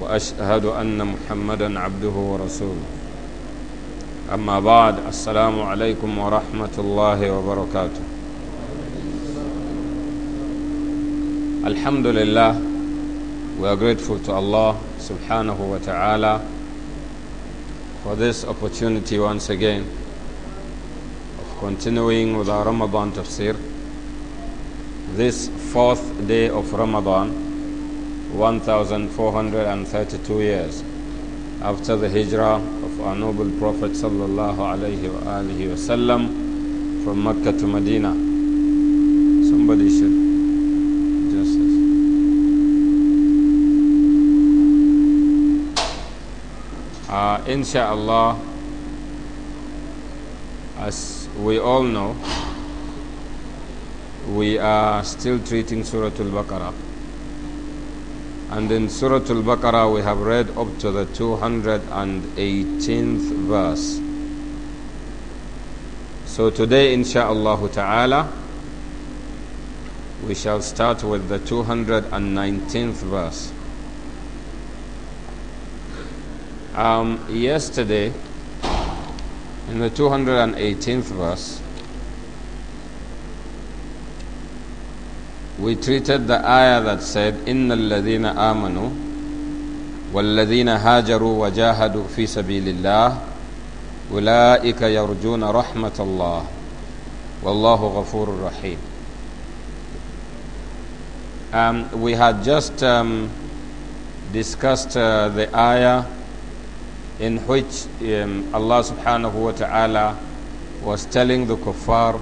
واشهد ان محمدا عبده ورسوله اما بعد السلام عليكم ورحمه الله وبركاته الحمد لله we are grateful to allah subhanahu wa ta'ala for this opportunity once again of continuing with our ramadan tafsir this fourth day of ramadan 1432 years after the hijrah of our noble Prophet sallallahu alaihi wasallam from Mecca to Medina. Somebody should just. Uh, insha'Allah, as we all know, we are still treating Surah Al-Baqarah. And in Surah Al-Baqarah we have read up to the 218th verse. So today insha'Allah ta'ala we shall start with the 219th verse. Um, yesterday in the 218th verse we treated the ayah that said inna alladhina amanu walladhina hajaru wajahadu fi sabilillah ulaika yarjuna rahmatullah wallahu ghafurur rahim um, we had just um, discussed uh, the ayah in which um, Allah subhanahu wa ta'ala was telling the kuffar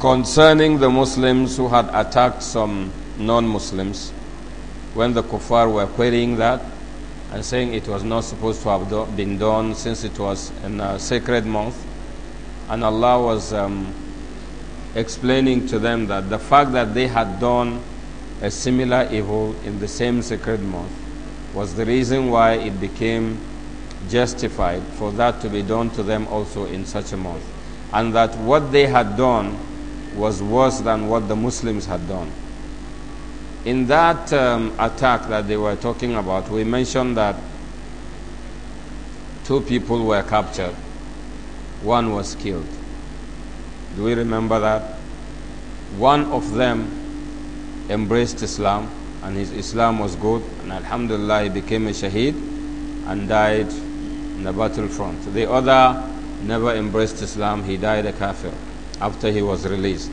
concerning the Muslims who had attacked some non Muslims when the kuffar were querying that and saying it was not supposed to have do been done since it was in a sacred month. And Allah was um, explaining to them that the fact that they had done a similar evil in the same sacred month was the reason why it became justified for that to be done to them also in such a month. And that what they had done was worse than what the Muslims had done. In that um, attack that they were talking about, we mentioned that two people were captured, one was killed. Do we remember that? One of them embraced Islam, and his Islam was good, and Alhamdulillah, he became a shaheed and died in the battlefront. The other never embraced Islam, he died a kafir after he was released.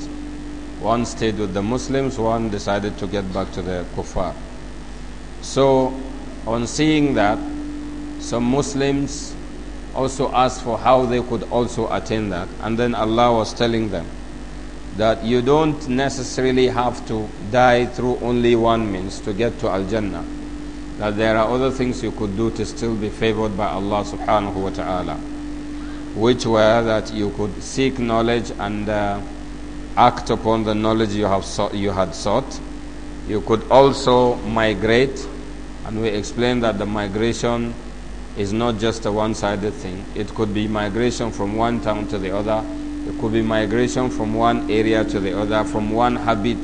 One stayed with the Muslims, one decided to get back to the kuffar. So, on seeing that, some Muslims also asked for how they could also attain that. And then Allah was telling them that you don't necessarily have to die through only one means to get to Al Jannah, that there are other things you could do to still be favored by Allah subhanahu wa ta'ala which were that you could seek knowledge and uh, act upon the knowledge you, have sought, you had sought. You could also migrate, and we explained that the migration is not just a one sided thing, it could be migration from one town to the other. It could be migration from one area to the other, from one habit,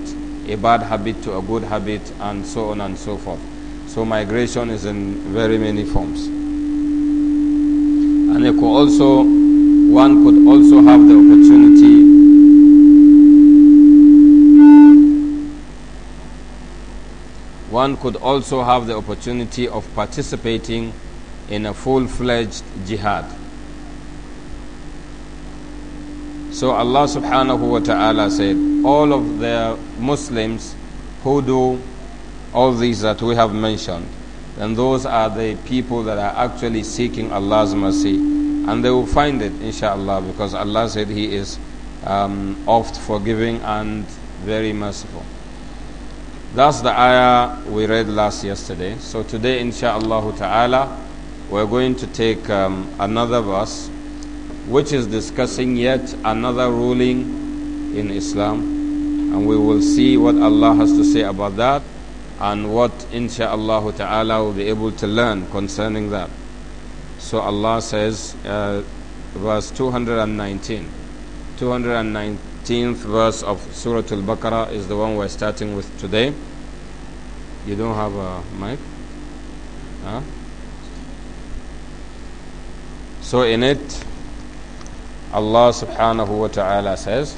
a bad habit to a good habit, and so on and so forth. So, migration is in very many forms. And could also, one could also have the opportunity one could also have the opportunity of participating in a full-fledged jihad. So Allah subhanahu wa ta'ala said, all of the Muslims who do all these that we have mentioned, then those are the people that are actually seeking Allah's mercy. And they will find it, inshallah, because Allah said He is um, oft forgiving and very merciful. That's the ayah we read last yesterday. So today, inshallah ta'ala, we're going to take um, another verse which is discussing yet another ruling in Islam. And we will see what Allah has to say about that and what insha'Allah ta'ala will be able to learn concerning that. So Allah says, uh, verse 219, 219th verse of Surah Al-Baqarah is the one we're starting with today. You don't have a mic? Huh? So in it, Allah subhanahu wa ta'ala says,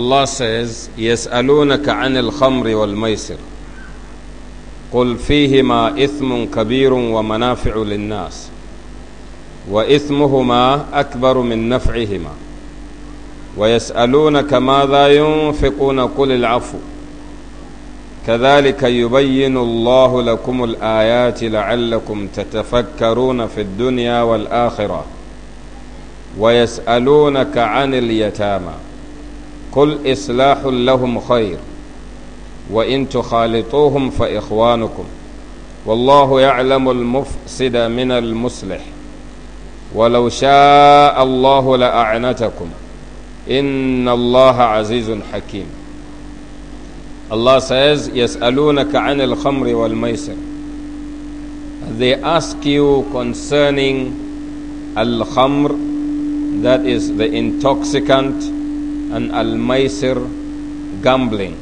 Allah says, يَسْأَلُونَكَ عَنِ الْخَمْرِ وَالْمَيْسِرِ قُلْ فِيهِمَا إِثْمٌ كَبِيرٌ وَمَنَافِعُ لِلنَّاسِ وإثمهما أكبر من نفعهما ويسألونك ماذا ينفقون قل العفو كذلك يبين الله لكم الآيات لعلكم تتفكرون في الدنيا والآخرة ويسألونك عن اليتامى قل إصلاح لهم خير وإن تخالطوهم فإخوانكم والله يعلم المفسد من المصلح ولو شاء الله لأعنتكم إن الله عزيز حكيم Allah says يسألونك عن الخمر والميسر They ask you concerning الخمر that is the intoxicant and al-maisir, gambling.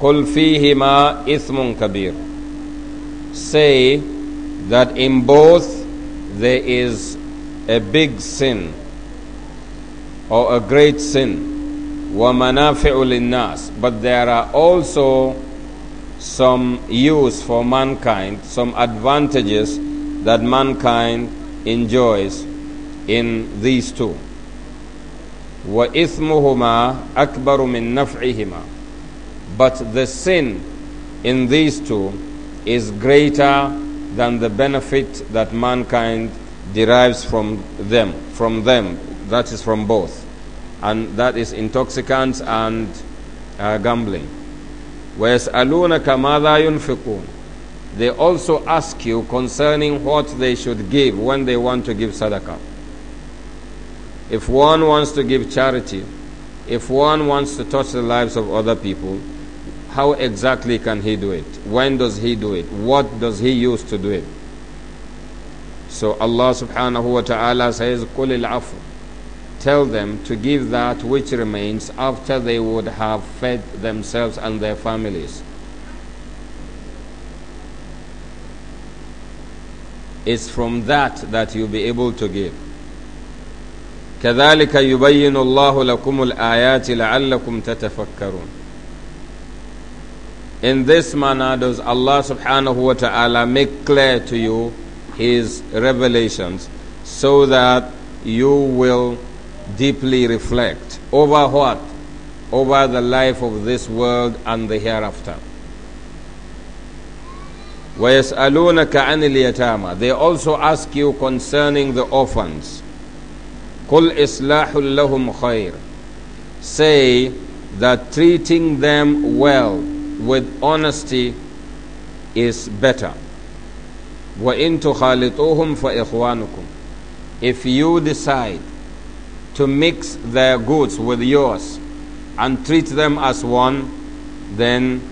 قُلْ فِيهِمَا إِثْمٌ كَبِيرٌ Say that in both there is a big sin or a great sin. وَمَنَافِعُ لِلنَّاسِ But there are also some use for mankind, some advantages that mankind enjoys in these two. وَإِثْمُهُمَا أَكْبَرُ مِن نَفْعِهِمَا But the sin in these two is greater than the benefit that mankind derives from them, from them, that is from both. And that is intoxicants and uh, gambling. وَيَسْأَلُونَكَ مَاذَا يُنْفِقُونَ They also ask you concerning what they should give when they want to give sadaqah. If one wants to give charity, if one wants to touch the lives of other people, how exactly can he do it? When does he do it? What does he use to do it? So Allah subhanahu wa ta'ala says, al الْعَفْوِ Tell them to give that which remains after they would have fed themselves and their families. It's from that that you'll be able to give. كذلك يبين الله لكم الآيات لعلكم تتفكرون In this manner does Allah subhanahu wa ta'ala make clear to you His revelations so that you will deeply reflect over what? Over the life of this world and the hereafter. وَيَسْأَلُونَكَ عَنِ الْيَتَامَى They also ask you concerning the orphans. قُلْ إِصْلَاحُ خَيْرٌ Say that treating them well with honesty is better. وَإِن تُخَالِطُوهُمْ فَإِخْوَانُكُمْ If you decide to mix their goods with yours and treat them as one, then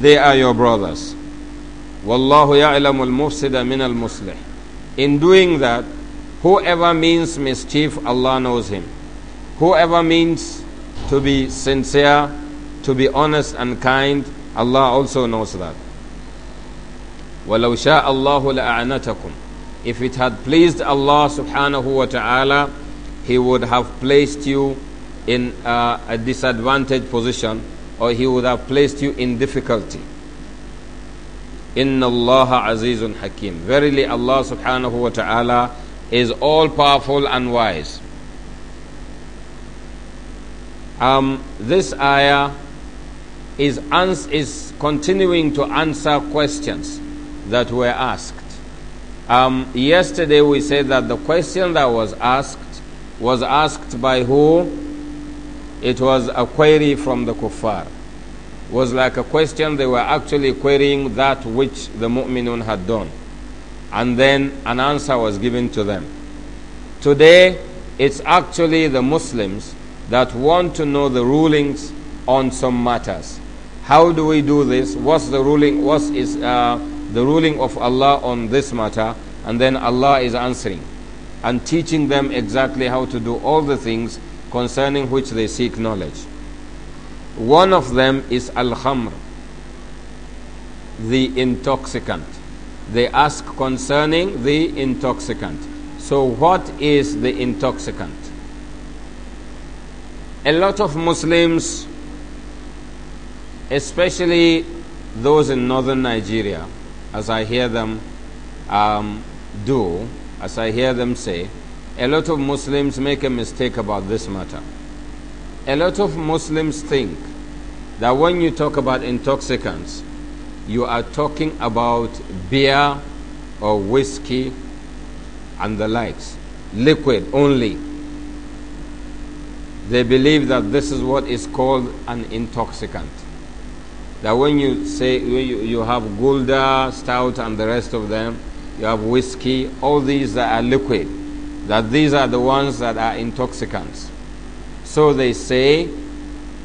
they are your brothers. وَاللَّهُ يَعْلَمُ الْمُفْسِدَ مِنَ الْمُصْلِحِ In doing that, Whoever means mischief, Allah knows him. Whoever means to be sincere, to be honest and kind, Allah also knows that. وَلَوْ شَاءَ اللَّهُ لَأَعْنَتَكُمْ If it had pleased Allah subhanahu wa ta'ala, He would have placed you in a, a disadvantaged position or He would have placed you in difficulty. إِنَّ اللَّهَ عَزِيزٌ حَكِيمٌ Verily Allah subhanahu wa ta'ala is all powerful and wise. Um, this ayah is, ans- is continuing to answer questions that were asked. Um, yesterday we said that the question that was asked was asked by who? It was a query from the kuffar. was like a question they were actually querying that which the mu'minun had done and then an answer was given to them. Today, it's actually the Muslims that want to know the rulings on some matters. How do we do this? What's the ruling? What is uh, the ruling of Allah on this matter? And then Allah is answering and teaching them exactly how to do all the things concerning which they seek knowledge. One of them is Al Khamr, the intoxicant. They ask concerning the intoxicant. So, what is the intoxicant? A lot of Muslims, especially those in northern Nigeria, as I hear them um, do, as I hear them say, a lot of Muslims make a mistake about this matter. A lot of Muslims think that when you talk about intoxicants, you are talking about beer or whiskey and the likes, liquid only. They believe that this is what is called an intoxicant. That when you say you, you have Gulda, Stout, and the rest of them, you have whiskey, all these that are liquid, that these are the ones that are intoxicants. So they say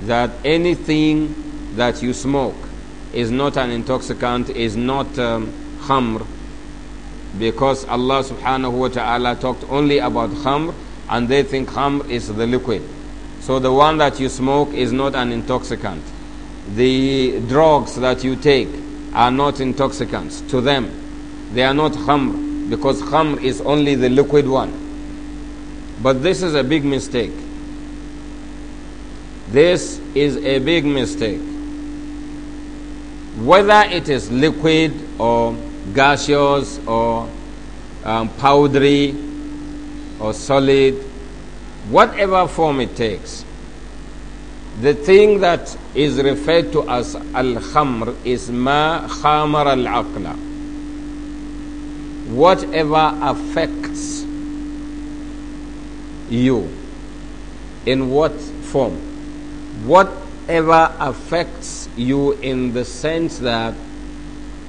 that anything that you smoke is not an intoxicant, is not um, khamr, because Allah subhanahu wa ta'ala talked only about khamr, and they think khamr is the liquid. So the one that you smoke is not an intoxicant. The drugs that you take are not intoxicants to them. They are not khamr, because khamr is only the liquid one. But this is a big mistake. This is a big mistake whether it is liquid or gaseous or um, powdery or solid, whatever form it takes, the thing that is referred to as al khamr is ma khamar al aqla. Whatever affects you, in what form, whatever affects you in the sense that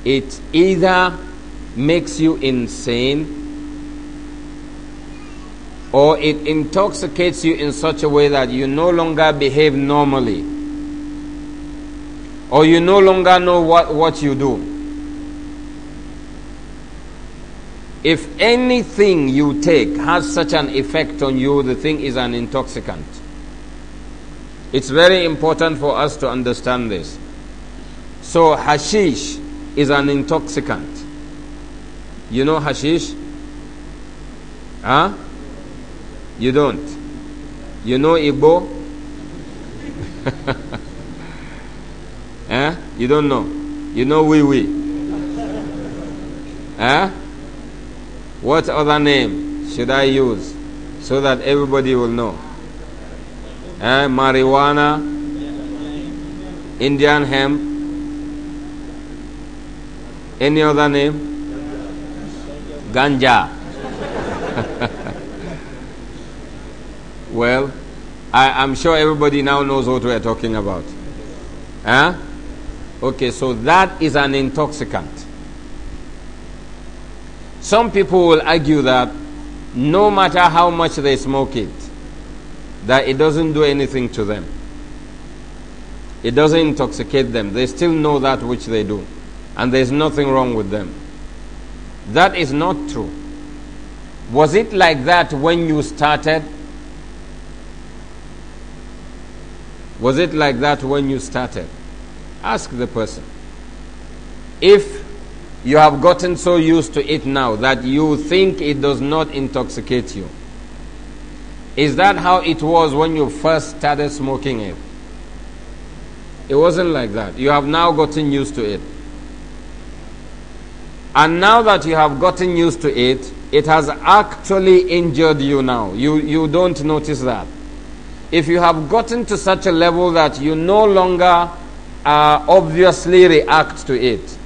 it either makes you insane or it intoxicates you in such a way that you no longer behave normally or you no longer know what, what you do. If anything you take has such an effect on you, the thing is an intoxicant. It's very important for us to understand this. So, hashish is an intoxicant. You know hashish? Huh? You don't. You know Igbo? eh? You don't know. You know wee wee. eh? What other name should I use so that everybody will know? eh, marijuana, Indian hemp, any other name? Ganja. well, I, am sure everybody now knows what we're talking about. Huh? Eh? Okay, so that is an intoxicant. Some people will argue that no matter how much they smoke it, that it doesn't do anything to them. It doesn't intoxicate them. They still know that which they do. And there's nothing wrong with them. That is not true. Was it like that when you started? Was it like that when you started? Ask the person. If you have gotten so used to it now that you think it does not intoxicate you, is that how it was when you first started smoking it? It wasn't like that. You have now gotten used to it. And now that you have gotten used to it, it has actually injured you now. You, you don't notice that. If you have gotten to such a level that you no longer uh, obviously react to it,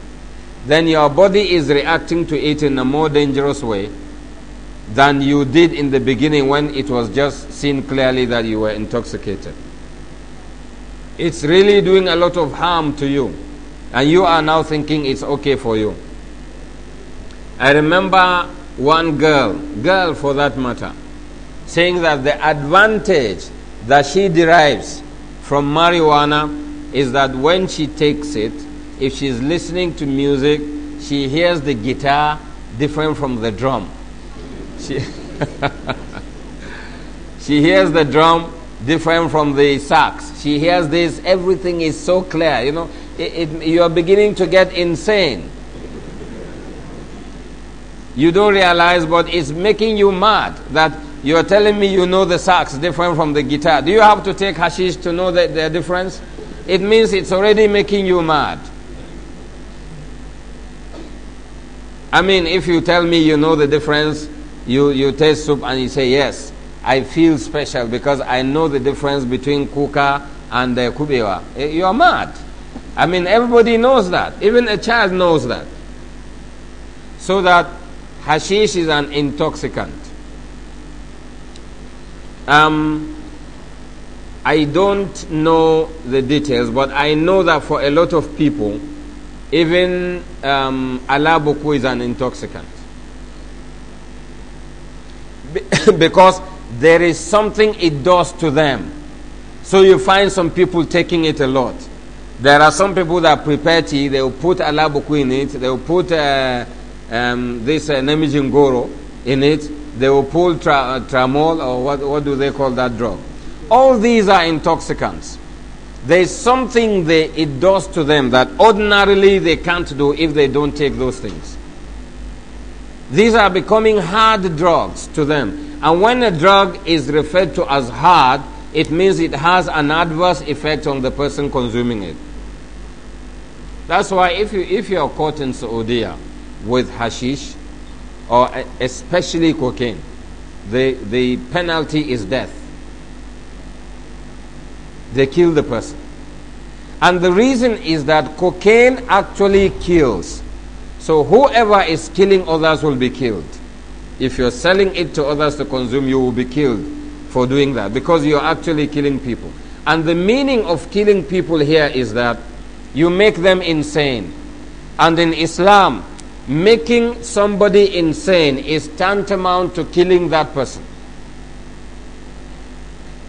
then your body is reacting to it in a more dangerous way than you did in the beginning when it was just seen clearly that you were intoxicated. It's really doing a lot of harm to you, and you are now thinking it's okay for you. I remember one girl, girl for that matter, saying that the advantage that she derives from marijuana is that when she takes it, if she's listening to music, she hears the guitar different from the drum she, she hears the drum different from the sax. She hears this, everything is so clear. You know, it, it, you are beginning to get insane. You don't realize, but it's making you mad that you are telling me you know the sax different from the guitar. Do you have to take hashish to know the, the difference? It means it's already making you mad. I mean, if you tell me you know the difference you, you taste soup and you say, Yes, I feel special because I know the difference between kuka and the uh, kubewa. Eh, you are mad. I mean, everybody knows that. Even a child knows that. So that hashish is an intoxicant. Um, I don't know the details, but I know that for a lot of people, even um, alabuku is an intoxicant. because there is something it does to them. So you find some people taking it a lot. There are some people that prepare tea, they will put alabuku in it, they will put uh, um, this uh, nemijingoro in it, they will put tra- uh, tramol or what, what do they call that drug. All these are intoxicants. There is something they, it does to them that ordinarily they can't do if they don't take those things. These are becoming hard drugs to them. And when a drug is referred to as hard, it means it has an adverse effect on the person consuming it. That's why if you if you are caught in Saudi with hashish or especially cocaine, the the penalty is death. They kill the person. And the reason is that cocaine actually kills so whoever is killing others will be killed. If you're selling it to others to consume, you will be killed for doing that because you're actually killing people. And the meaning of killing people here is that you make them insane. And in Islam, making somebody insane is tantamount to killing that person.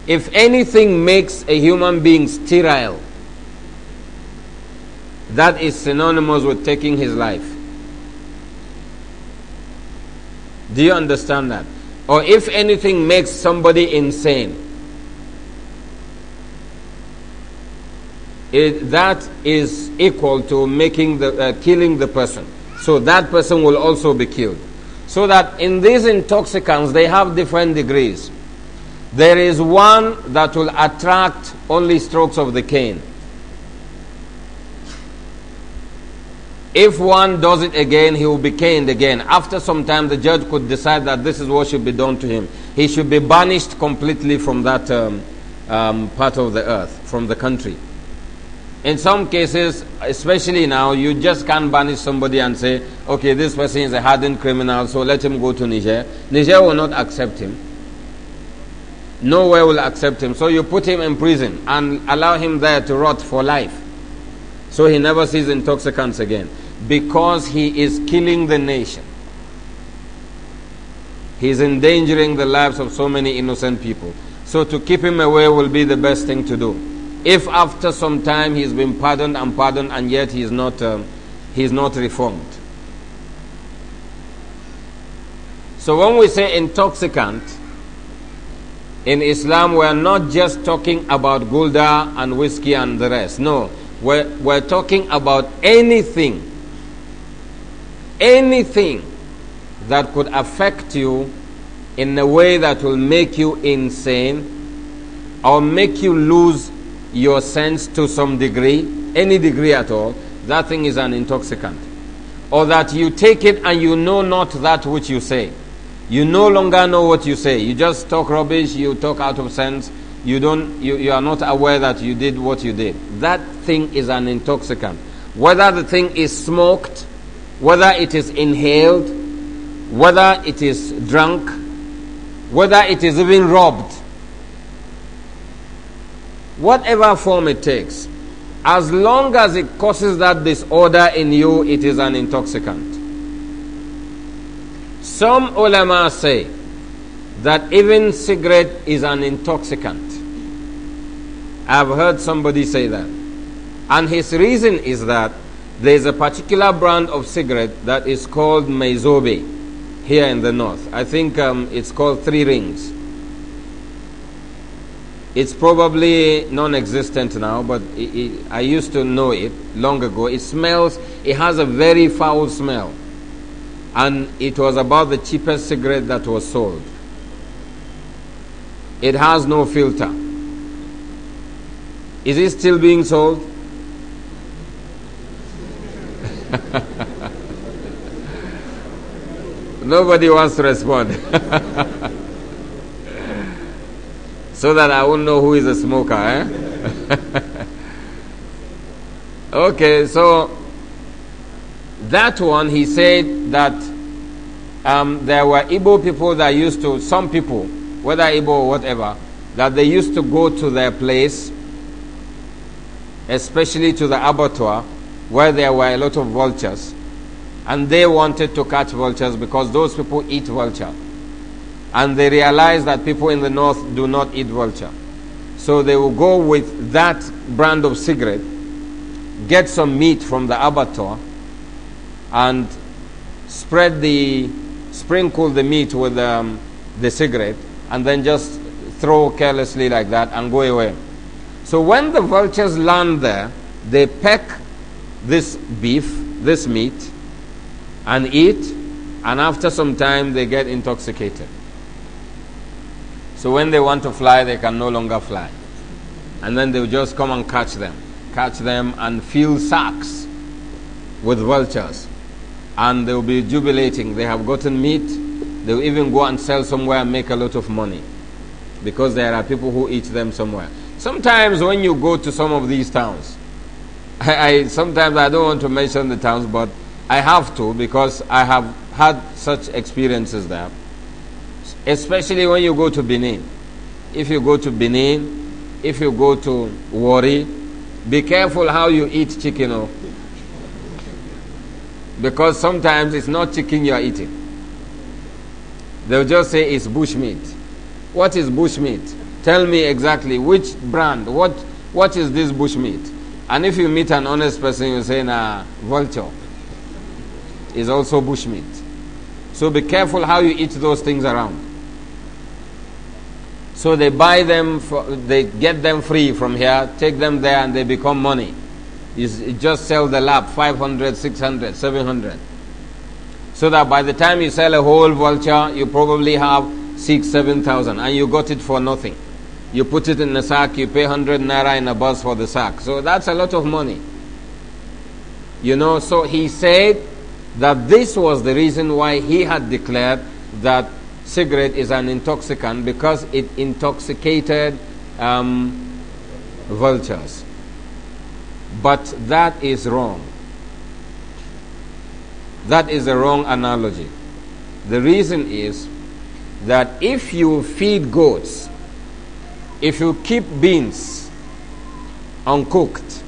If anything makes a human being sterile, that is synonymous with taking his life. Do you understand that? Or if anything makes somebody insane, it, that is equal to making the, uh, killing the person. So that person will also be killed. So that in these intoxicants, they have different degrees. There is one that will attract only strokes of the cane If one does it again, he will be caned again. After some time, the judge could decide that this is what should be done to him. He should be banished completely from that um, um, part of the earth, from the country. In some cases, especially now, you just can't banish somebody and say, okay, this person is a hardened criminal, so let him go to Niger. Niger will not accept him. Nowhere will accept him. So you put him in prison and allow him there to rot for life. So he never sees intoxicants again because he is killing the nation. He is endangering the lives of so many innocent people. So to keep him away will be the best thing to do. If after some time he's been pardoned and pardoned and yet he is not, um, he is not reformed. So when we say intoxicant, in Islam we are not just talking about gulda and whiskey and the rest. No, we're, we're talking about anything anything that could affect you in a way that will make you insane or make you lose your sense to some degree, any degree at all, that thing is an intoxicant. Or that you take it and you know not that which you say. You no longer know what you say. You just talk rubbish, you talk out of sense, you, don't, you, you are not aware that you did what you did. That thing is an intoxicant. Whether the thing is smoked, whether it is inhaled, whether it is drunk, whether it is even robbed, whatever form it takes, as long as it causes that disorder in you, it is an intoxicant. Some ulama say that even cigarette is an intoxicant. I've heard somebody say that. And his reason is that there is a particular brand of cigarette that is called Meizobe here in the north. I think um, it's called Three Rings. It's probably non existent now, but it, it, I used to know it long ago. It smells, it has a very foul smell. And it was about the cheapest cigarette that was sold. It has no filter. Is it still being sold? Nobody wants to respond. so that I will know who is a smoker. Eh? okay, so that one he said that um, there were Ibo people that used to, some people, whether Ibo or whatever, that they used to go to their place, especially to the abattoir, where there were a lot of vultures and they wanted to catch vultures because those people eat vulture. And they realized that people in the north do not eat vulture. So they will go with that brand of cigarette, get some meat from the abattoir, and spread the, sprinkle the meat with um, the cigarette, and then just throw carelessly like that and go away. So when the vultures land there, they peck this beef, this meat, and eat, and after some time they get intoxicated. So when they want to fly, they can no longer fly. And then they'll just come and catch them, catch them and fill sacks with vultures. And they'll be jubilating. They have gotten meat. They'll even go and sell somewhere and make a lot of money because there are people who eat them somewhere. Sometimes when you go to some of these towns, I, I sometimes I don't want to mention the towns, but I have to because I have had such experiences there. Especially when you go to Benin. If you go to Benin, if you go to Wari, be careful how you eat chicken. Oh. Because sometimes it's not chicken you are eating. They'll just say it's bush meat. What is bush meat? Tell me exactly which brand, what, what is this bush meat? And if you meet an honest person, you say, nah, vulture is also bushmeat. So be careful how you eat those things around. So they buy them, for, they get them free from here, take them there, and they become money. You just sell the lap 500, 600, 700. So that by the time you sell a whole vulture, you probably have six, seven thousand, and you got it for nothing. You put it in a sack, you pay 100 naira in a bus for the sack. So that's a lot of money. You know, so he said, that this was the reason why he had declared that cigarette is an intoxicant because it intoxicated um, vultures. But that is wrong. That is a wrong analogy. The reason is that if you feed goats, if you keep beans uncooked,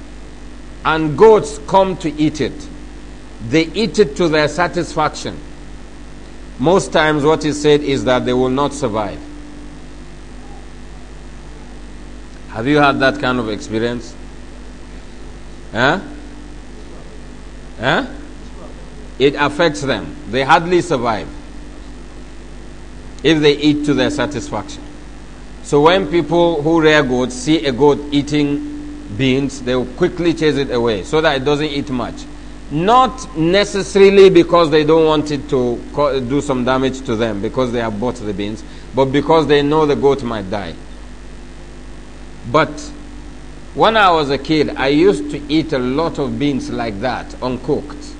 and goats come to eat it, they eat it to their satisfaction. Most times, what is said is that they will not survive. Have you had that kind of experience? Huh? Huh? It affects them. They hardly survive if they eat to their satisfaction. So when people who rear goats see a goat eating beans, they will quickly chase it away so that it doesn't eat much. Not necessarily because they don't want it to do some damage to them because they have bought the beans, but because they know the goat might die. But when I was a kid, I used to eat a lot of beans like that, uncooked.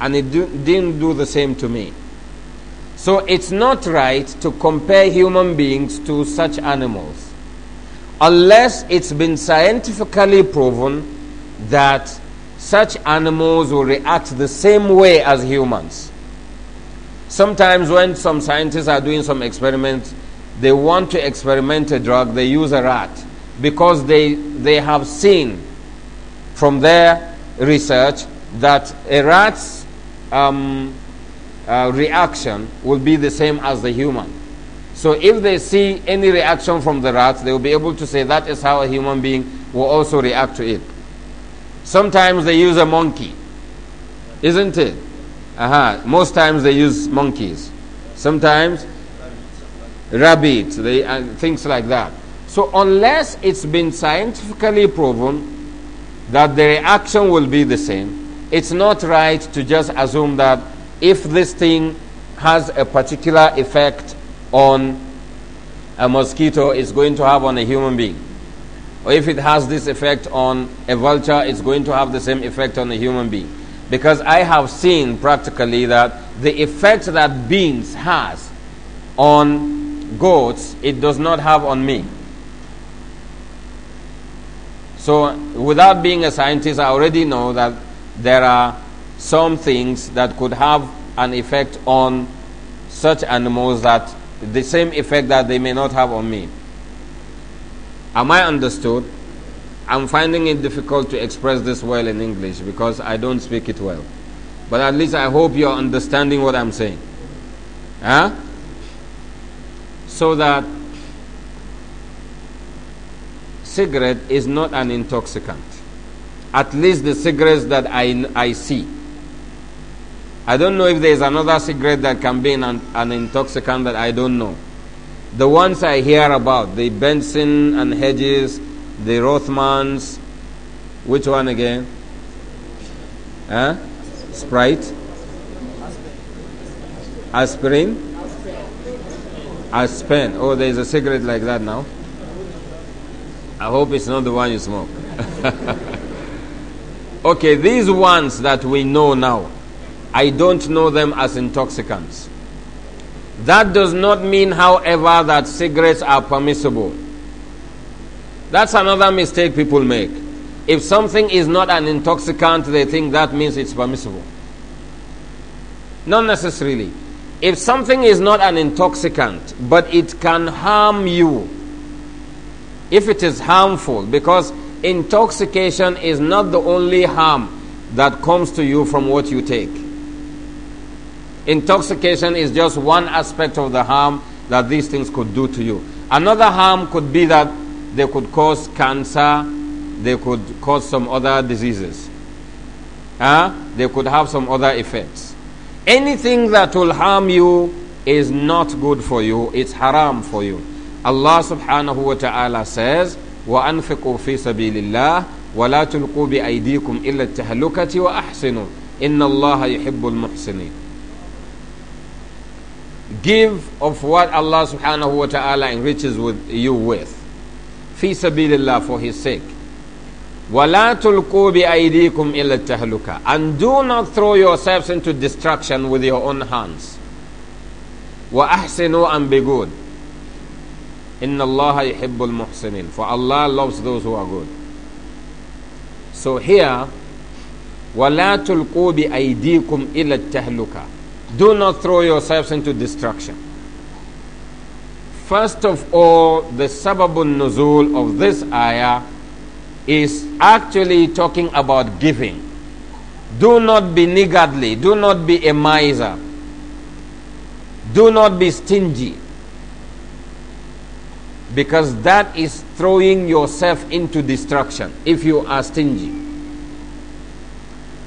And it do, didn't do the same to me. So it's not right to compare human beings to such animals unless it's been scientifically proven that such animals will react the same way as humans. Sometimes, when some scientists are doing some experiments, they want to experiment a drug, they use a rat because they, they have seen from their research that a rat's um, uh, reaction will be the same as the human. So, if they see any reaction from the rat, they will be able to say that is how a human being will also react to it. Sometimes they use a monkey, isn't it? Aha. Uh-huh. Most times they use monkeys. Sometimes rabbits, they, uh, things like that. So unless it's been scientifically proven that the reaction will be the same, it's not right to just assume that if this thing has a particular effect on a mosquito, it's going to have on a human being or if it has this effect on a vulture, it's going to have the same effect on a human being. Because I have seen practically that the effect that beans has on goats, it does not have on me. So, without being a scientist, I already know that there are some things that could have an effect on such animals that the same effect that they may not have on me. Am I understood? I'm finding it difficult to express this well in English because I don't speak it well. But at least I hope you're understanding what I'm saying. Huh? So that cigarette is not an intoxicant. At least the cigarettes that I, I see. I don't know if there's another cigarette that can be an, an intoxicant that I don't know. The ones I hear about, the Benson and Hedges, the Rothmans, which one again? Huh? Sprite? Aspirin? Aspen. Oh, there's a cigarette like that now. I hope it's not the one you smoke. okay, these ones that we know now, I don't know them as intoxicants. That does not mean, however, that cigarettes are permissible. That's another mistake people make. If something is not an intoxicant, they think that means it's permissible. Not necessarily. If something is not an intoxicant, but it can harm you, if it is harmful, because intoxication is not the only harm that comes to you from what you take. Intoxication is just one aspect of the harm that these things could do to you. Another harm could be that they could cause cancer, they could cause some other diseases. Huh? They could have some other effects. Anything that will harm you is not good for you, it's haram for you. Allah subhanahu wa ta'ala says, وأنفقوا في سبيل الله ولا تلقوا بأيديكم إلا التهلكة وأحسنوا إن الله يحب المحسنين Give of what Allah subhanahu wa ta'ala enriches with you with. Fi sabilillah for his sake. وَلَا تُلْقُوا بِأَيْدِيكُمْ إِلَّا التَّهْلُكَ And do not throw yourselves into destruction with your own hands. وَأَحْسِنُوا and be good. إِنَّ اللَّهَ يُحِبُّ الْمُحْسِنِينَ For Allah loves those who are good. So here, وَلَا تُلْقُوا بِأَيْدِيكُمْ إِلَّا التَّهْلُكَ do not throw yourselves into destruction. First of all, the sababun nuzul of this ayah is actually talking about giving. Do not be niggardly. Do not be a miser. Do not be stingy. Because that is throwing yourself into destruction if you are stingy.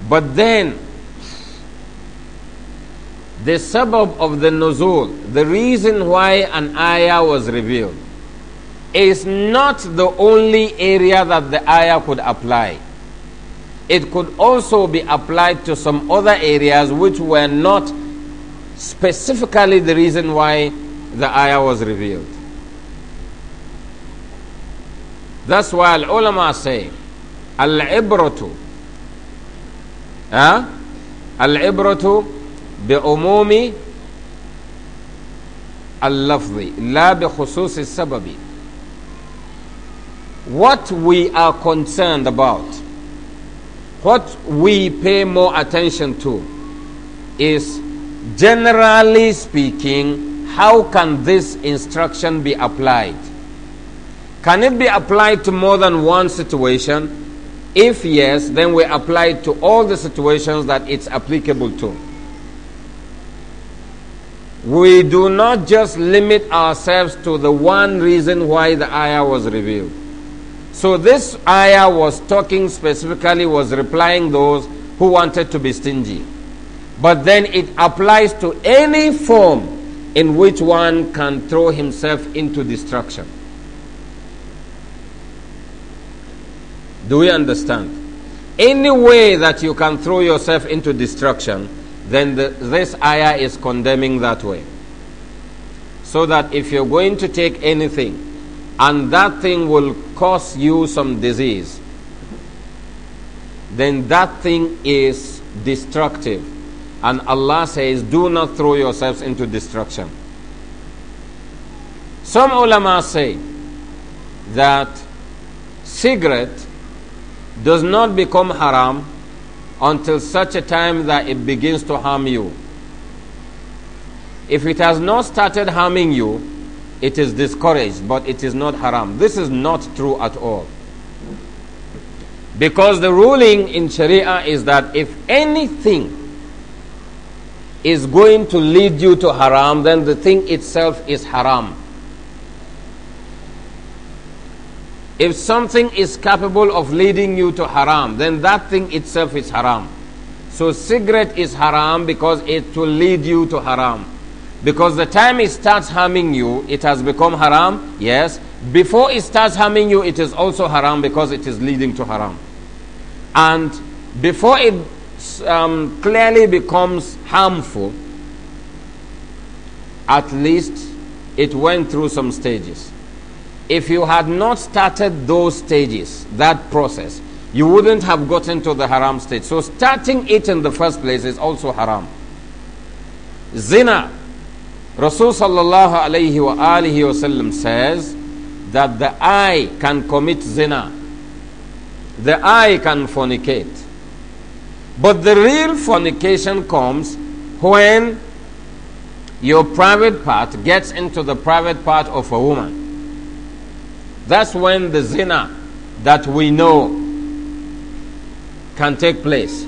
But then, the suburb of the nuzul, the reason why an ayah was revealed, is not the only area that the ayah could apply. It could also be applied to some other areas which were not specifically the reason why the ayah was revealed. That's why al ulama say, al ibratu, huh? al ibratu بعموم اللفظ لا بخصوص السبب what we are concerned about what we pay more attention to is generally speaking how can this instruction be applied can it be applied to more than one situation if yes then we apply it to all the situations that it's applicable to we do not just limit ourselves to the one reason why the ayah was revealed. So this ayah was talking specifically, was replying those who wanted to be stingy. But then it applies to any form in which one can throw himself into destruction. Do we understand? Any way that you can throw yourself into destruction, then the, this ayah is condemning that way. So that if you're going to take anything and that thing will cause you some disease, then that thing is destructive. And Allah says, do not throw yourselves into destruction. Some ulama say that cigarette does not become haram until such a time that it begins to harm you. If it has not started harming you, it is discouraged, but it is not haram. This is not true at all. Because the ruling in Sharia is that if anything is going to lead you to haram, then the thing itself is haram. If something is capable of leading you to haram, then that thing itself is haram. So cigarette is haram because it will lead you to haram. Because the time it starts harming you, it has become haram, yes. Before it starts harming you, it is also haram because it is leading to haram. And before it um, clearly becomes harmful, at least it went through some stages if you had not started those stages, that process, you wouldn't have gotten to the haram stage. So starting it in the first place is also haram. Zina. Rasul sallallahu alayhi wa alihi wasallam says that the eye can commit zina. The eye can fornicate. But the real fornication comes when your private part gets into the private part of a woman. That's when the zina that we know can take place.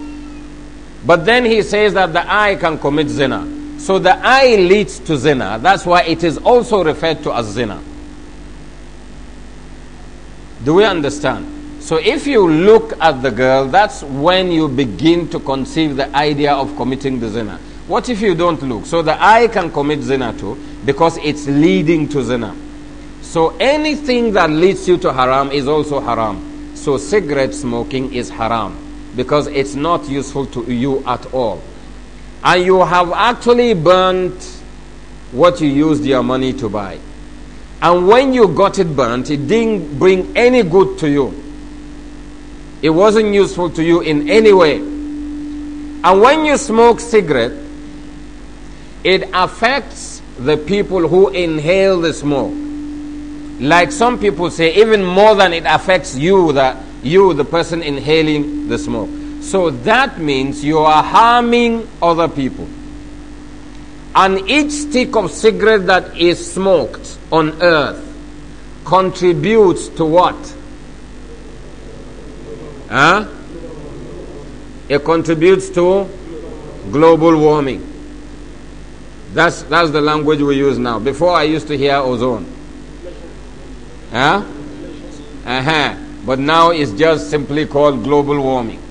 But then he says that the eye can commit zina. So the eye leads to zina. That's why it is also referred to as zina. Do we understand? So if you look at the girl, that's when you begin to conceive the idea of committing the zina. What if you don't look? So the eye can commit zina too because it's leading to zina. So anything that leads you to haram is also haram. So cigarette smoking is haram because it's not useful to you at all. And you have actually burnt what you used your money to buy. And when you got it burnt, it didn't bring any good to you. It wasn't useful to you in any way. And when you smoke cigarette, it affects the people who inhale the smoke. Like some people say, even more than it affects you, that you, the person inhaling the smoke. So that means you are harming other people. And each stick of cigarette that is smoked on earth contributes to what? Huh? It contributes to global warming. That's, that's the language we use now. Before I used to hear ozone. Huh? Uh-huh. But now it's just simply called global warming.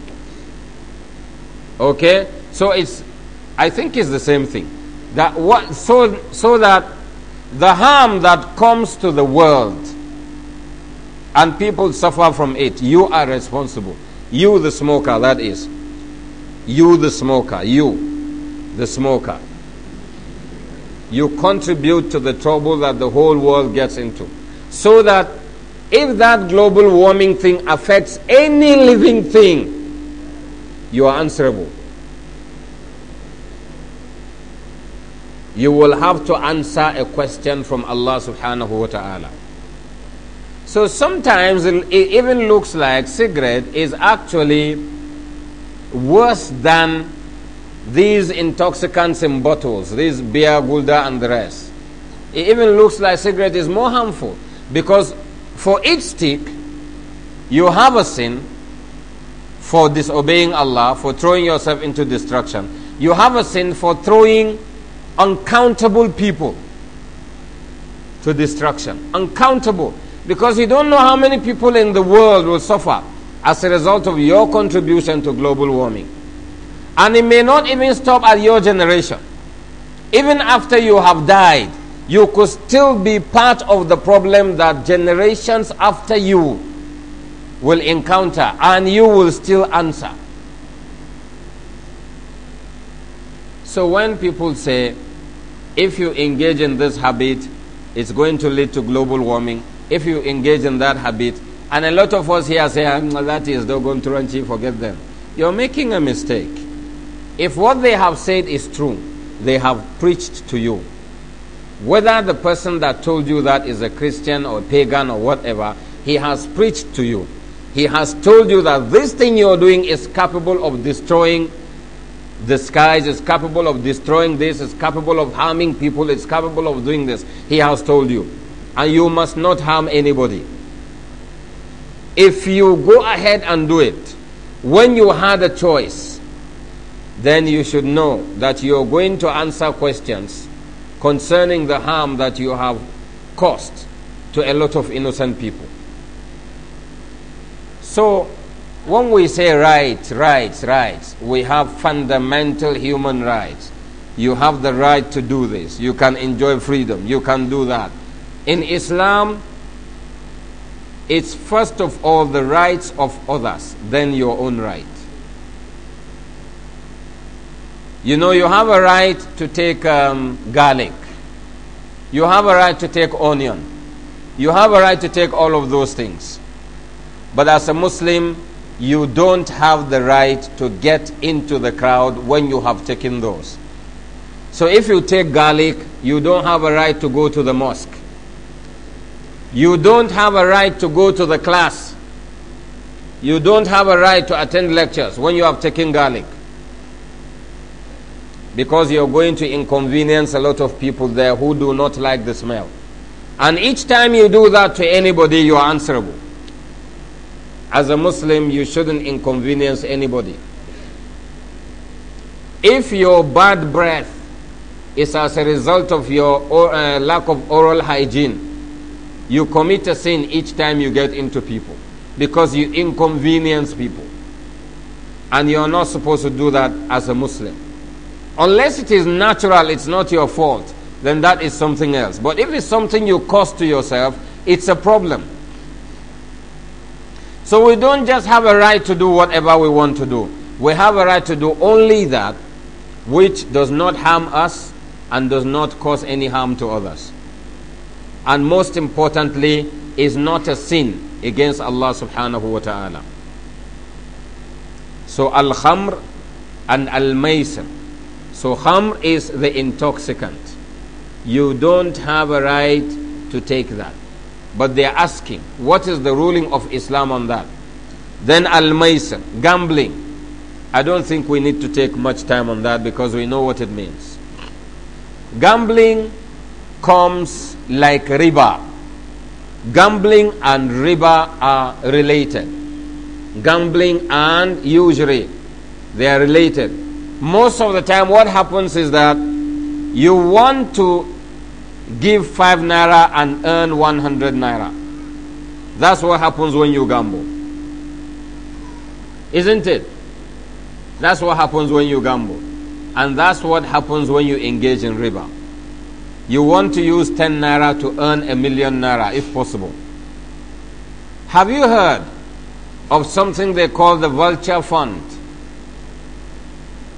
Okay? So it's I think it's the same thing. That what so so that the harm that comes to the world and people suffer from it, you are responsible. You the smoker, that is. You the smoker, you the smoker. You contribute to the trouble that the whole world gets into so that if that global warming thing affects any living thing, you are answerable. You will have to answer a question from Allah subhanahu wa ta'ala. So sometimes it even looks like cigarette is actually worse than these intoxicants in bottles, these beer, gulda, and the rest. It even looks like cigarette is more harmful because for each stick, you have a sin for disobeying Allah, for throwing yourself into destruction. You have a sin for throwing uncountable people to destruction. Uncountable. Because you don't know how many people in the world will suffer as a result of your contribution to global warming. And it may not even stop at your generation. Even after you have died, you could still be part of the problem that generations after you will encounter and you will still answer. So when people say, if you engage in this habit, it's going to lead to global warming. If you engage in that habit, and a lot of us here say, oh, that is to turanchi, forget them. You're making a mistake. If what they have said is true, they have preached to you. Whether the person that told you that is a Christian or pagan or whatever, he has preached to you. He has told you that this thing you're doing is capable of destroying the skies, is capable of destroying this, is capable of harming people, is capable of doing this. He has told you. And you must not harm anybody. If you go ahead and do it, when you had a choice, then you should know that you're going to answer questions concerning the harm that you have caused to a lot of innocent people. So, when we say rights, rights, rights, we have fundamental human rights. You have the right to do this. You can enjoy freedom. You can do that. In Islam, it's first of all the rights of others, then your own rights. You know, you have a right to take um, garlic. You have a right to take onion. You have a right to take all of those things. But as a Muslim, you don't have the right to get into the crowd when you have taken those. So if you take garlic, you don't have a right to go to the mosque. You don't have a right to go to the class. You don't have a right to attend lectures when you have taken garlic because you're going to inconvenience a lot of people there who do not like the smell. And each time you do that to anybody, you are answerable. As a Muslim, you shouldn't inconvenience anybody. If your bad breath is as a result of your or, uh, lack of oral hygiene, you commit a sin each time you get into people because you inconvenience people. And you're not supposed to do that as a Muslim. Unless it is natural, it's not your fault, then that is something else. But if it's something you cause to yourself, it's a problem. So we don't just have a right to do whatever we want to do. We have a right to do only that which does not harm us and does not cause any harm to others. And most importantly, is not a sin against Allah subhanahu wa ta'ala. So al-khamr and al maysir so khamr is the intoxicant. You don't have a right to take that. But they are asking, what is the ruling of Islam on that? Then al-maisir, gambling. I don't think we need to take much time on that because we know what it means. Gambling comes like riba. Gambling and riba are related. Gambling and usury, they are related most of the time what happens is that you want to give 5 naira and earn 100 naira. That's what happens when you gamble. Isn't it? That's what happens when you gamble. And that's what happens when you engage in riba. You want to use 10 naira to earn a million naira if possible. Have you heard of something they call the vulture fund?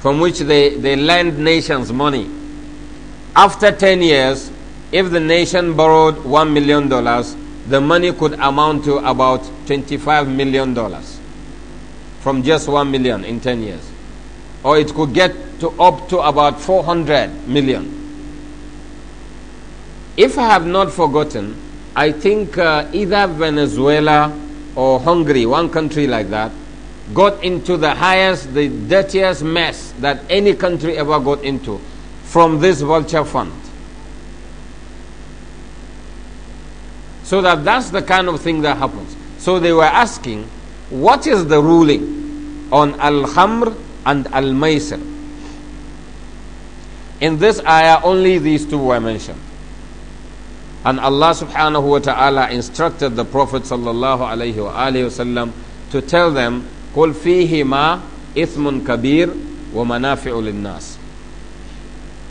from which they, they lend nations money. After 10 years, if the nation borrowed $1 million, the money could amount to about $25 million from just 1 million in 10 years. Or it could get to up to about 400 million. If I have not forgotten, I think uh, either Venezuela or Hungary, one country like that, got into the highest, the dirtiest mess that any country ever got into from this vulture fund. So that that's the kind of thing that happens. So they were asking, what is the ruling on Al Khamr and Al Maisir? In this ayah, only these two were mentioned. And Allah subhanahu wa ta'ala instructed the Prophet sallallahu alayhi wa to tell them قل فيهما إثم كبير ومنافع للناس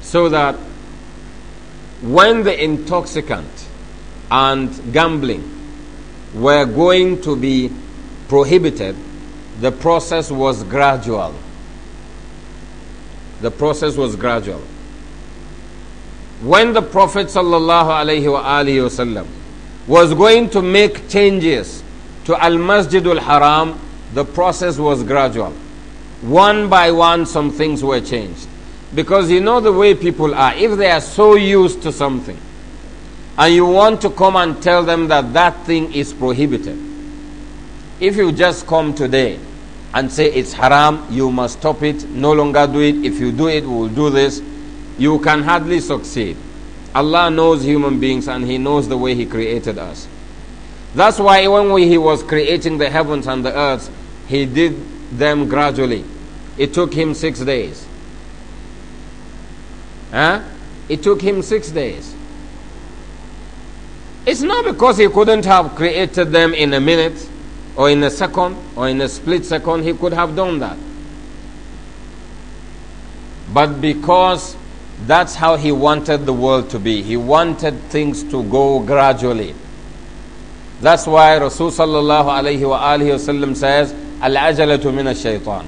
so that when the intoxicant and gambling were going to be prohibited the process was gradual the process was gradual when the prophet sallallahu was going to make changes to al masjidul haram the process was gradual. One by one, some things were changed. Because you know the way people are. If they are so used to something, and you want to come and tell them that that thing is prohibited, if you just come today and say it's haram, you must stop it, no longer do it, if you do it, we'll do this, you can hardly succeed. Allah knows human beings and He knows the way He created us. That's why when we, He was creating the heavens and the earth, he did them gradually. It took him six days. Huh? It took him six days. It's not because he couldn't have created them in a minute or in a second or in a split second, he could have done that. But because that's how he wanted the world to be, he wanted things to go gradually. That's why Rasulullah sallallahu says, Al-ajalatu min shaitan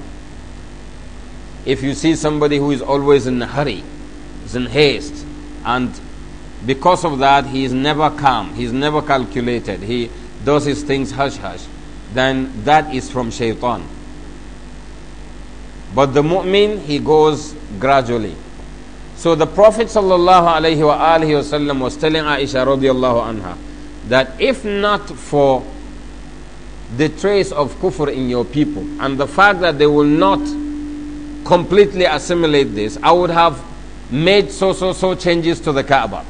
If you see somebody who is always in a hurry, is in haste, and because of that he is never calm, he is never calculated, he does his things hush hush, then that is from shaitan. But the mu'min, he goes gradually. So the Prophet sallallahu alaihi wasallam was telling Aisha radiallahu anha that if not for the trace of kufr in your people and the fact that they will not completely assimilate this, I would have made so, so, so changes to the Kaaba.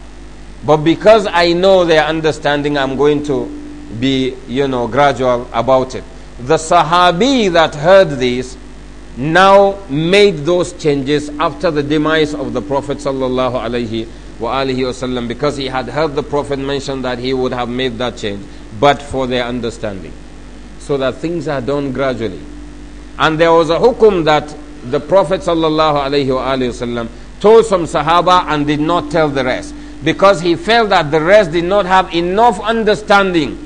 But because I know their understanding, I'm going to be, you know, gradual about it. The Sahabi that heard this now made those changes after the demise of the Prophet sallallahu alaihi wasallam because he had heard the Prophet mention that he would have made that change, but for their understanding so that things are done gradually. And there was a hukum that the Prophet ﷺ told some Sahaba and did not tell the rest because he felt that the rest did not have enough understanding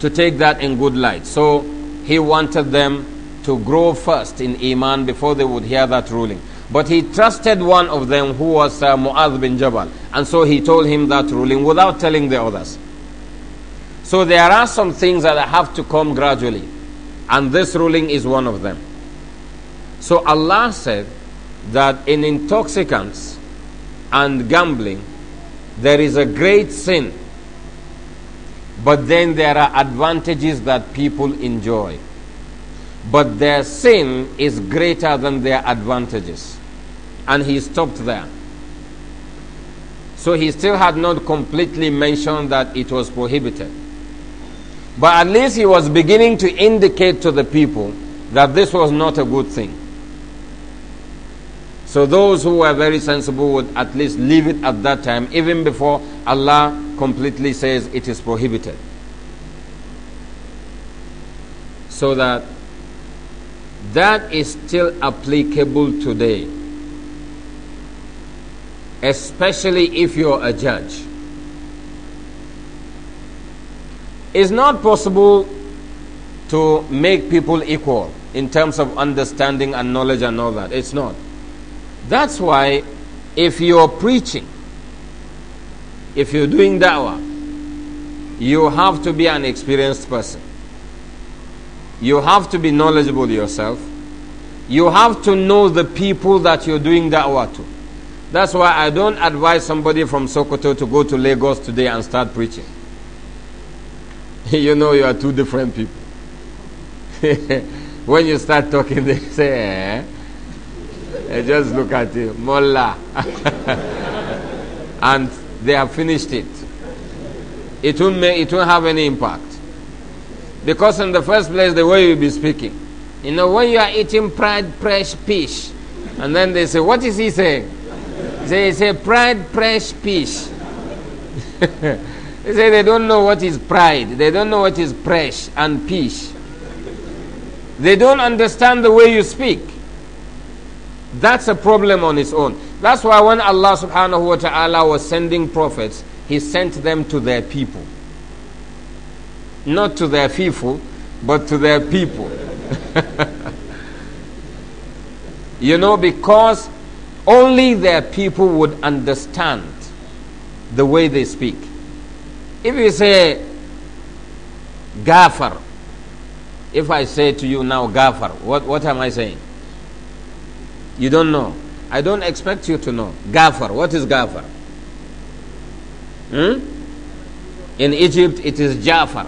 to take that in good light. So he wanted them to grow first in Iman before they would hear that ruling. But he trusted one of them who was uh, Mu'adh bin Jabal. And so he told him that ruling without telling the others. So there are some things that have to come gradually, and this ruling is one of them. So Allah said that in intoxicants and gambling, there is a great sin, but then there are advantages that people enjoy. But their sin is greater than their advantages. And he stopped there. So he still had not completely mentioned that it was prohibited. But at least he was beginning to indicate to the people that this was not a good thing. So those who were very sensible would at least leave it at that time, even before Allah completely says it is prohibited. So that that is still applicable today, especially if you're a judge. It's not possible to make people equal in terms of understanding and knowledge and all that. It's not. That's why if you're preaching, if you're doing da'wah, you have to be an experienced person. You have to be knowledgeable yourself. You have to know the people that you're doing da'wah to. That's why I don't advise somebody from Sokoto to go to Lagos today and start preaching. you know you are two different people. when you start talking, they say, eh? They just look at you, Mullah. and they have finished it. It won't, make, it won't have any impact. Because, in the first place, the way you be speaking. You know, when you are eating pride, fresh fish, and then they say, What is he saying? They say, Pride, fresh fish. They say they don't know what is pride, they don't know what is presh and pish. They don't understand the way you speak. That's a problem on its own. That's why when Allah subhanahu wa ta'ala was sending prophets, He sent them to their people. Not to their people, but to their people. you know, because only their people would understand the way they speak. If you say "Gaffer," if I say to you now "Gaffer," what, what am I saying? You don't know. I don't expect you to know. Gaffer. what is Gaffer? Hmm? In Egypt, it is Jafar.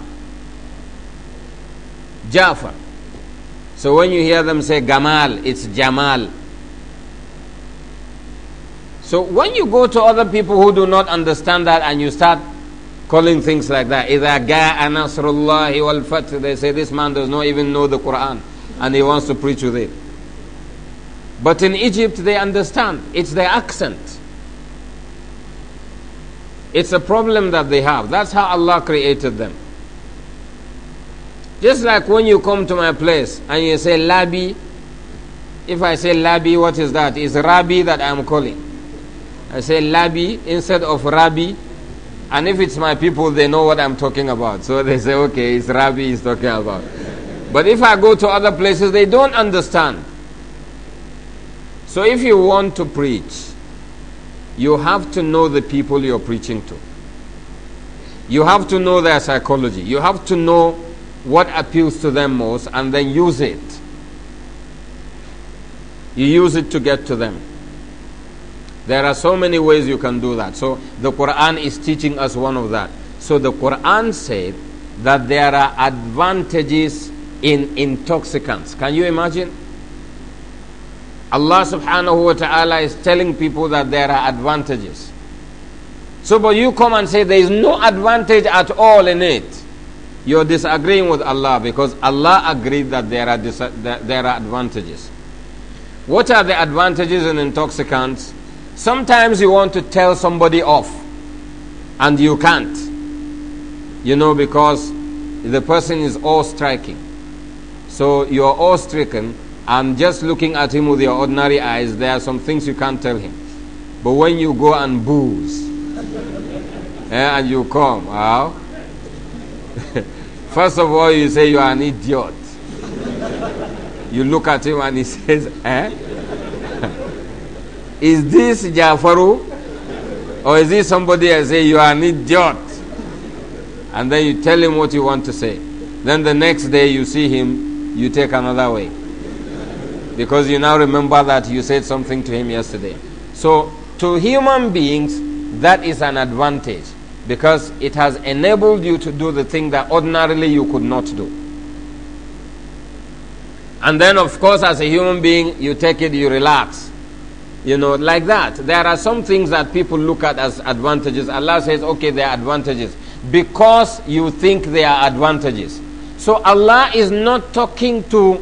Jafar. So when you hear them say Gamal, it's Jamal. So when you go to other people who do not understand that and you start calling things like that. إِذَا جَاءَ نَصْرُ اللَّهِ وَالْفَتْحُ They say this man does not even know the Quran and he wants to preach with it. But in Egypt they understand. It's their accent. It's a problem that they have. That's how Allah created them. Just like when you come to my place and you say Labi, if I say Labi, what is that? It's Rabi that I'm calling. I say Labi instead of Rabi and if it's my people, they know what I'm talking about. So they say, okay, it's Rabbi he's talking about. But if I go to other places, they don't understand. So if you want to preach, you have to know the people you're preaching to. You have to know their psychology. You have to know what appeals to them most and then use it. You use it to get to them. There are so many ways you can do that. So the Quran is teaching us one of that. So the Quran said that there are advantages in intoxicants. Can you imagine? Allah subhanahu wa ta'ala is telling people that there are advantages. So, but you come and say there is no advantage at all in it. You're disagreeing with Allah because Allah agreed that there are, there are advantages. What are the advantages in intoxicants? Sometimes you want to tell somebody off and you can't, you know, because the person is awe striking. So you're awe stricken and just looking at him with your ordinary eyes, there are some things you can't tell him. But when you go and booze yeah, and you come, how? First of all, you say you are an idiot. You look at him and he says, eh? Is this Jafaru? Or is this somebody I say, You are an idiot? And then you tell him what you want to say. Then the next day you see him, you take another way. Because you now remember that you said something to him yesterday. So, to human beings, that is an advantage because it has enabled you to do the thing that ordinarily you could not do. And then, of course, as a human being, you take it, you relax. You know, like that. There are some things that people look at as advantages. Allah says, okay, they are advantages. Because you think they are advantages. So Allah is not talking to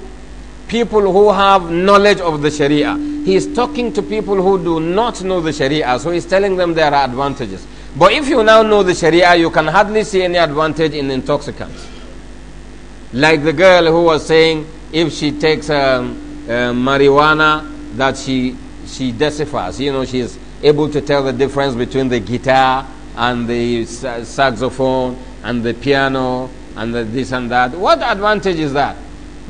people who have knowledge of the Sharia. He is talking to people who do not know the Sharia. So he's telling them there are advantages. But if you now know the Sharia, you can hardly see any advantage in intoxicants. Like the girl who was saying, if she takes um, uh, marijuana, that she she deciphers. You know, she's able to tell the difference between the guitar and the saxophone and the piano and the this and that. What advantage is that?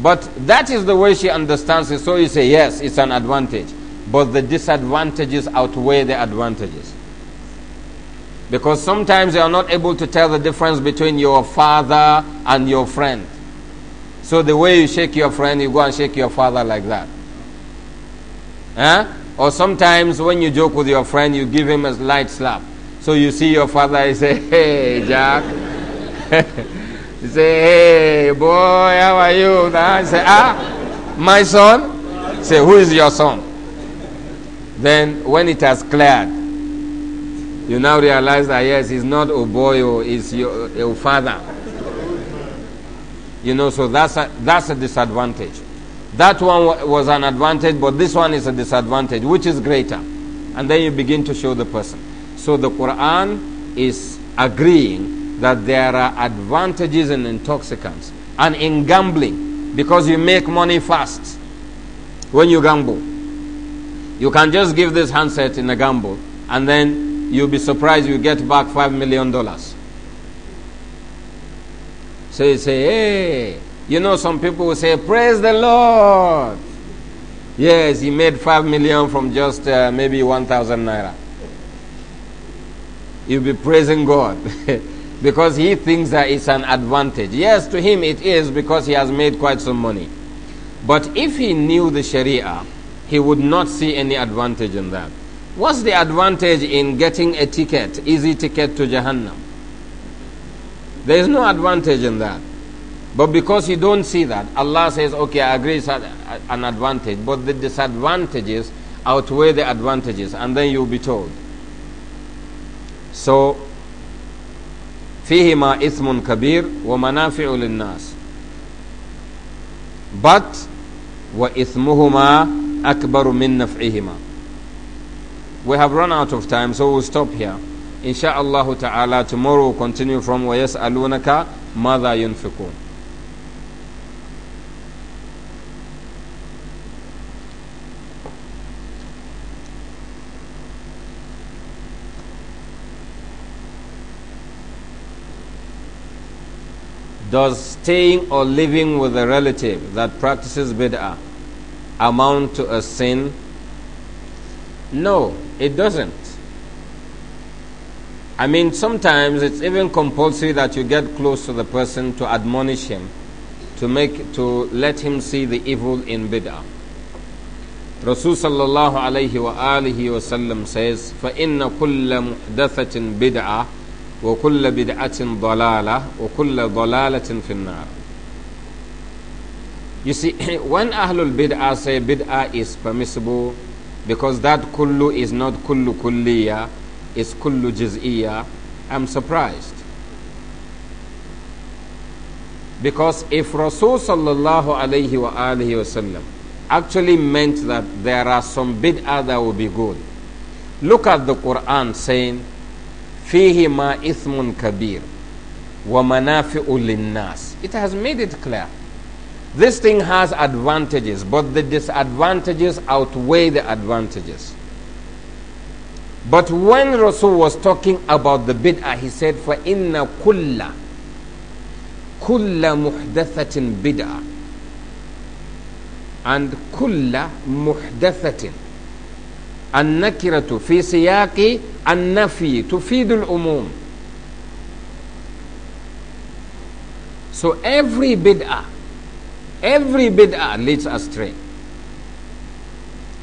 But that is the way she understands it. So you say, yes, it's an advantage. But the disadvantages outweigh the advantages. Because sometimes you are not able to tell the difference between your father and your friend. So the way you shake your friend, you go and shake your father like that. Huh? Or sometimes when you joke with your friend, you give him a light slap. So you see your father, he say, hey, Jack. he say, hey, boy, how are you? He say, ah, my son? He say, who is your son? Then when it has cleared, you now realize that yes, he's not a boy, he's oh, your, your father. You know, so that's a, that's a disadvantage. That one was an advantage, but this one is a disadvantage. Which is greater? And then you begin to show the person. So the Quran is agreeing that there are advantages in intoxicants and in gambling because you make money fast when you gamble. You can just give this handset in a gamble and then you'll be surprised you get back $5 million. So you say, hey, you know, some people will say, Praise the Lord. Yes, he made 5 million from just uh, maybe 1,000 naira. You'll be praising God because he thinks that it's an advantage. Yes, to him it is because he has made quite some money. But if he knew the Sharia, he would not see any advantage in that. What's the advantage in getting a ticket, easy ticket to Jahannam? There is no advantage in that. But because you don't see that, Allah says, okay, I agree it's an advantage, but the disadvantages outweigh the advantages, and then you'll be told. So, فيهما إثم كبير ومنافع للناس but وإثمهما أكبر من نفعهما we have run out of time so we'll stop here inshallah ta'ala tomorrow we'll continue from ويسألونك ماذا ينفقون Does staying or living with a relative that practices bid'ah amount to a sin? No, it doesn't. I mean, sometimes it's even compulsory that you get close to the person to admonish him, to make, to let him see the evil in bid'ah. Rasul sallallahu alayhi wa alihi wa sallam says, فَإِنَّ كُلَّ مُحْدَثَةٍ بِدْعَةٍ وكل بدعة ضلالة وكل ضلالة في النار You see, when Ahlul Bid'ah say Bid'ah is permissible because that kullu is not kullu kulliya, it's kullu جزئية, I'm surprised. Because if Rasul sallallahu alayhi wa alihi sallam actually meant that there are some bid'ah that will be good, look at the Quran saying, فيهما kabir كبير ومنافع linnas It has made it clear. This thing has advantages, but the disadvantages outweigh the advantages. But when Rasul was talking about the bid'ah, he said, For inna kulla, kulla muhdathatin bid'ah. And kulla muhdathatin النكرة في سياق النفي تفيد الأموم So every bid'ah, every bid'ah leads astray.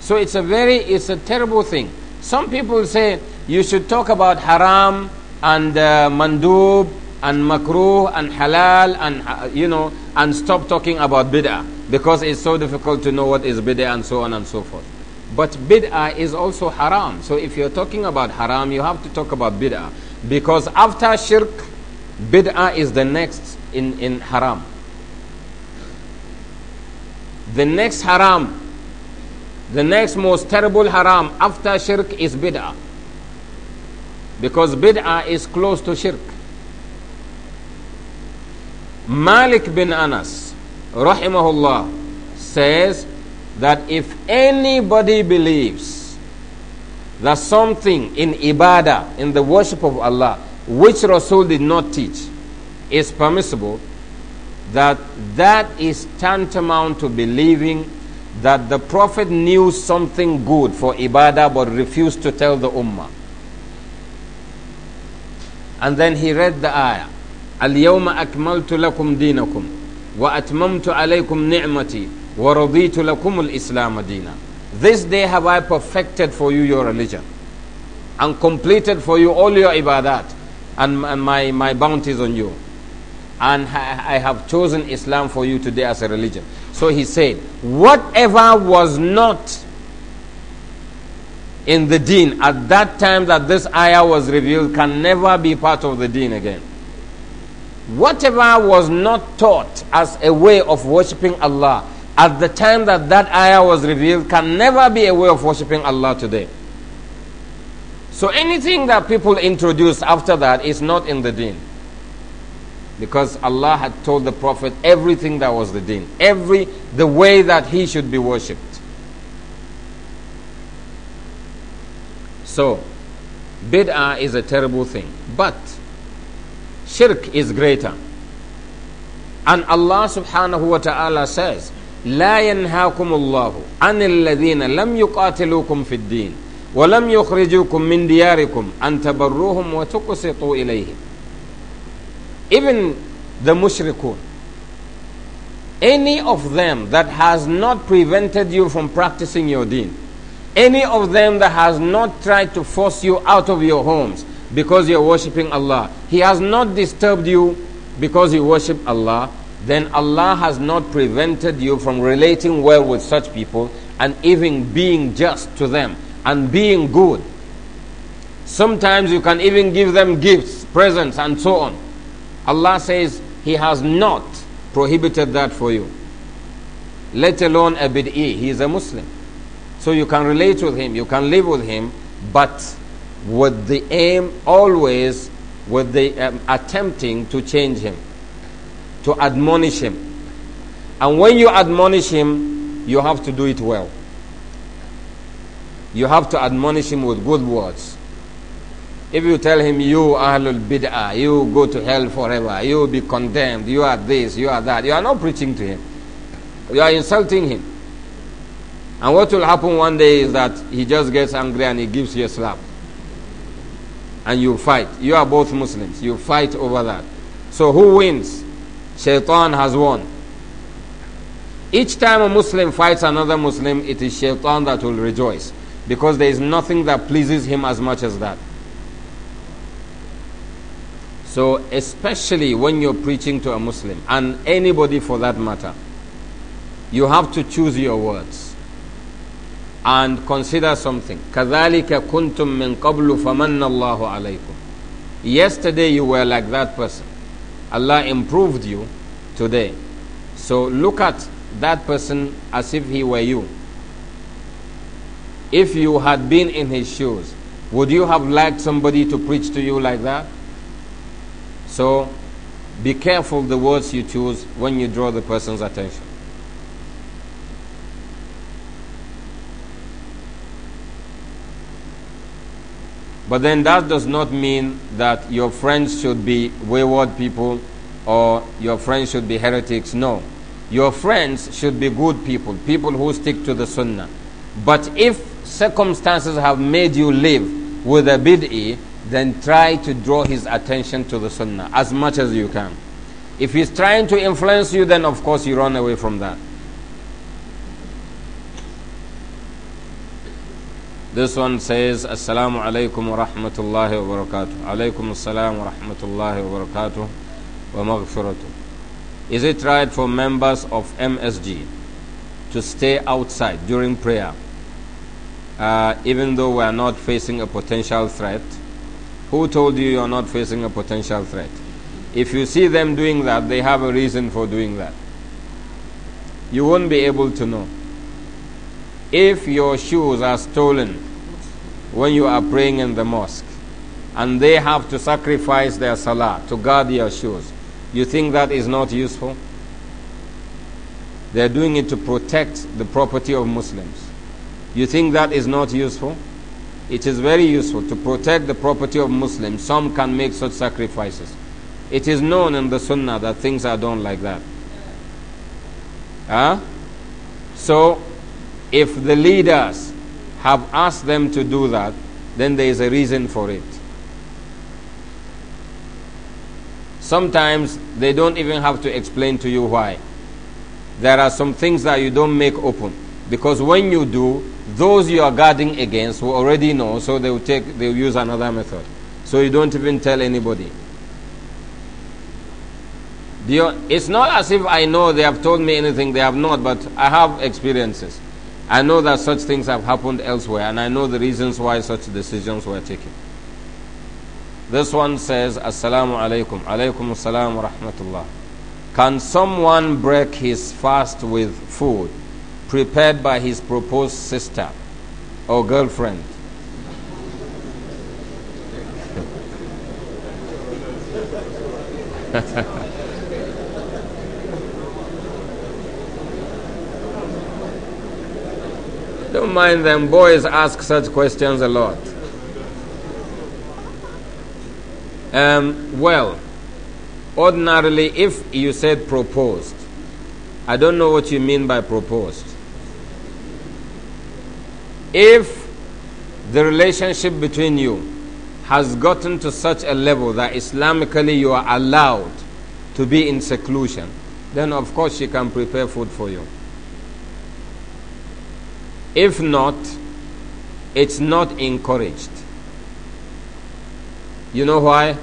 So it's a very, it's a terrible thing. Some people say you should talk about haram and uh, mandub and makruh and halal and uh, you know and stop talking about bid'ah because it's so difficult to know what is bid'ah and so on and so forth. But bid'ah is also haram. So if you're talking about haram, you have to talk about bid'ah. Because after shirk, bid'ah is the next in, in haram. The next haram, the next most terrible haram after shirk is bid'ah. Because bid'ah is close to shirk. Malik bin Anas, rahimahullah, says that if anybody believes that something in ibadah, in the worship of Allah, which Rasul did not teach, is permissible, that that is tantamount to believing that the Prophet knew something good for ibadah but refused to tell the ummah. And then he read the ayah. اليوم أكملت لكم Wa Atmamtu عليكم Ni'mati." وَرَضِيتُ لَكُمُ الْإِسْلَامَ دِينًا This day have I perfected for you your religion and completed for you all your ibadat and, and my, my bounties on you. And I have chosen Islam for you today as a religion. So he said, whatever was not in the deen at that time that this ayah was revealed can never be part of the deen again. Whatever was not taught as a way of worshipping Allah at the time that that ayah was revealed can never be a way of worshipping Allah today. So anything that people introduce after that is not in the deen. Because Allah had told the Prophet everything that was the deen, every the way that he should be worshipped. So bid'ah is a terrible thing, but shirk is greater. And Allah subhanahu wa ta'ala says لا ينهاكم الله عن الذين لم يقاتلوكم في الدين ولم يخرجوكم من دياركم أن تبروهم وتقسطوا إليهم even the mushrikun any of them that has not prevented you from practicing your deen any of them that has not tried to force you out of your homes because you're worshipping Allah he has not disturbed you because you worship Allah then Allah has not prevented you from relating well with such people and even being just to them and being good. Sometimes you can even give them gifts, presents, and so on. Allah says He has not prohibited that for you, let alone a bid'i. He is a Muslim. So you can relate with him, you can live with him, but with the aim always with the um, attempting to change him to admonish him. And when you admonish him, you have to do it well. You have to admonish him with good words. If you tell him, you Ahlul Bid'ah, you go to hell forever, you be condemned, you are this, you are that, you are not preaching to him. You are insulting him. And what will happen one day is that he just gets angry and he gives you a slap. And you fight. You are both Muslims. You fight over that. So who wins? Shaitan has won. Each time a Muslim fights another Muslim, it is Shaitan that will rejoice because there is nothing that pleases him as much as that. So, especially when you're preaching to a Muslim, and anybody for that matter, you have to choose your words and consider something. كَذَلِكَ كُنْتُم مِّن قَبْلُ فَمَنَّ اللَّهُ عَلَيْكُمْ Yesterday you were like that person. Allah improved you today. So look at that person as if he were you. If you had been in his shoes, would you have liked somebody to preach to you like that? So be careful the words you choose when you draw the person's attention. But then that does not mean that your friends should be wayward people or your friends should be heretics. No. Your friends should be good people, people who stick to the sunnah. But if circumstances have made you live with a bid'i, then try to draw his attention to the sunnah as much as you can. If he's trying to influence you, then of course you run away from that. This one says, Assalamu alaikum wa rahmatullahi wa barakatuh. as assalam wa rahmatullahi wa barakatuh wa maghfiratuh. Is it right for members of MSG to stay outside during prayer, uh, even though we are not facing a potential threat? Who told you you are not facing a potential threat? If you see them doing that, they have a reason for doing that. You won't be able to know. If your shoes are stolen when you are praying in the mosque and they have to sacrifice their salah to guard your shoes, you think that is not useful? They're doing it to protect the property of Muslims. You think that is not useful? It is very useful to protect the property of Muslims. Some can make such sacrifices. It is known in the Sunnah that things are done like that. Huh? So, if the leaders have asked them to do that, then there is a reason for it. Sometimes they don't even have to explain to you why. There are some things that you don't make open because when you do, those you are guarding against will already know, so they will take they will use another method. So you don't even tell anybody. It's not as if I know they have told me anything, they have not, but I have experiences. I know that such things have happened elsewhere, and I know the reasons why such decisions were taken. This one says, Assalamu alaikum, alaikum assalam wa rahmatullah. Can someone break his fast with food prepared by his proposed sister or girlfriend? Don't mind them. Boys ask such questions a lot. Um, well, ordinarily, if you said proposed, I don't know what you mean by proposed. If the relationship between you has gotten to such a level that Islamically you are allowed to be in seclusion, then of course she can prepare food for you. If not, it's not encouraged. You know why?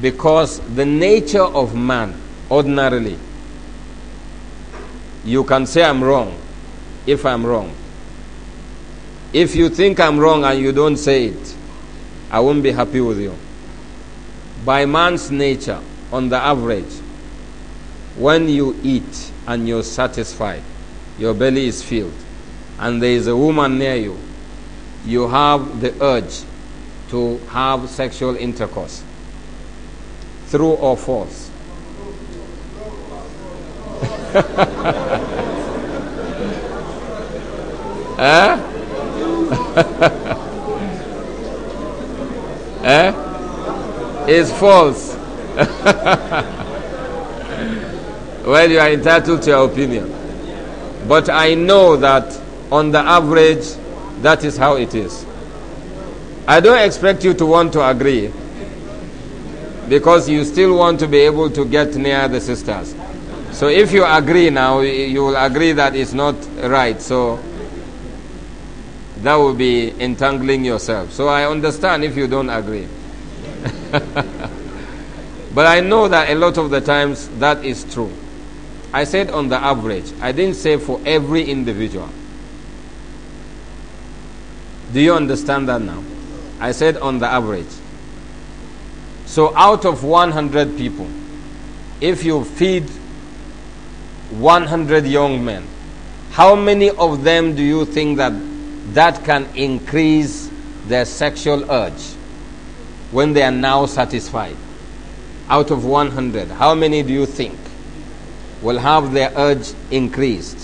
Because the nature of man, ordinarily, you can say I'm wrong if I'm wrong. If you think I'm wrong and you don't say it, I won't be happy with you. By man's nature, on the average, when you eat and you're satisfied, your belly is filled and there is a woman near you, you have the urge to have sexual intercourse, true or false? eh? eh? It's false. well, you are entitled to your opinion. But I know that on the average, that is how it is. I don't expect you to want to agree because you still want to be able to get near the sisters. So if you agree now, you will agree that it's not right. So that will be entangling yourself. So I understand if you don't agree. but I know that a lot of the times that is true. I said on the average, I didn't say for every individual. Do you understand that now? I said on the average. So out of 100 people, if you feed 100 young men, how many of them do you think that that can increase their sexual urge when they are now satisfied? Out of 100, how many do you think will have their urge increased?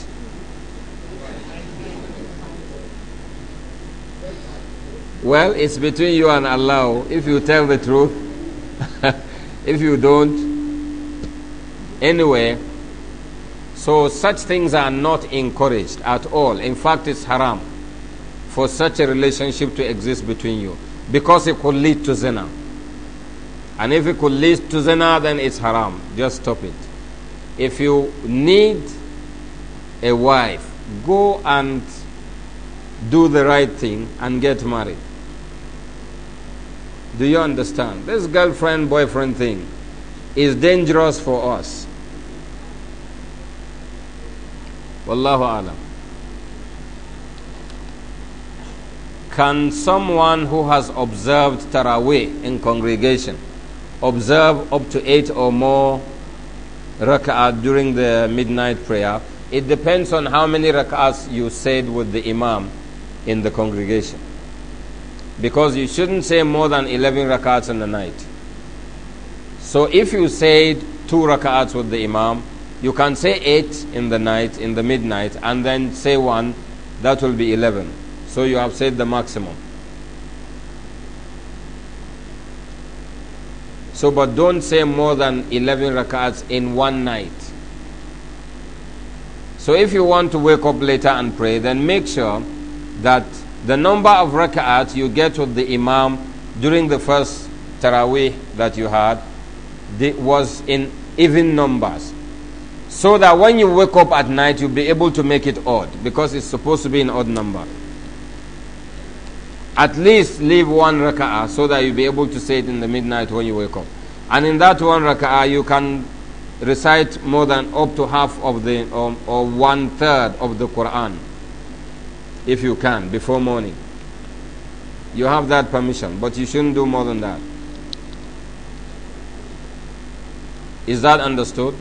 Well, it's between you and Allah. Oh. If you tell the truth, if you don't, anyway. So such things are not encouraged at all. In fact, it's haram for such a relationship to exist between you because it could lead to zina. And if it could lead to zina, then it's haram. Just stop it. If you need a wife, go and do the right thing and get married. Do you understand? This girlfriend boyfriend thing is dangerous for us. Wallahu alam. Can someone who has observed Taraweeh in congregation observe up to eight or more rak'ah during the midnight prayer? It depends on how many rak'ahs you said with the imam in the congregation. Because you shouldn't say more than 11 rak'ats in the night. So if you said two rak'ats with the Imam, you can say eight in the night, in the midnight, and then say one, that will be 11. So you have said the maximum. So, but don't say more than 11 rak'ats in one night. So, if you want to wake up later and pray, then make sure that the number of rak'at you get with the imam during the first tarawih that you had was in even numbers so that when you wake up at night you'll be able to make it odd because it's supposed to be an odd number at least leave one rak'ah so that you'll be able to say it in the midnight when you wake up and in that one rak'ah you can recite more than up to half of the or one third of the quran if you can, before morning. You have that permission, but you shouldn't do more than that. Is that understood?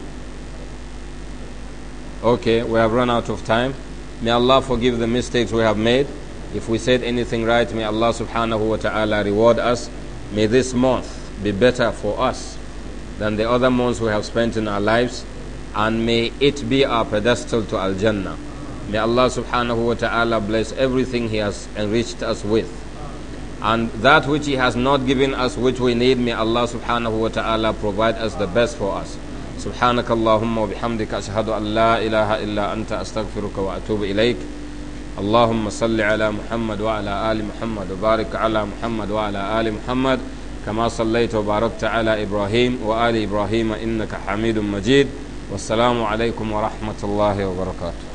Okay, we have run out of time. May Allah forgive the mistakes we have made. If we said anything right, may Allah subhanahu wa ta'ala reward us. May this month be better for us than the other months we have spent in our lives, and may it be our pedestal to Al Jannah. May Allah subhanahu wa ta'ala bless everything He has enriched us with. And that which He has not given us, which we need, may Allah subhanahu wa ta'ala provide us the best for us. سبحانك اللهم وبحمدك أشهد أن لا إله إلا أنت أستغفرك وأتوب إليك اللهم صل على محمد وعلى آل محمد وبارك على محمد وعلى آل محمد كما صليت وباركت على إبراهيم وآل إبراهيم إنك حميد مجيد والسلام عليكم ورحمة الله وبركاته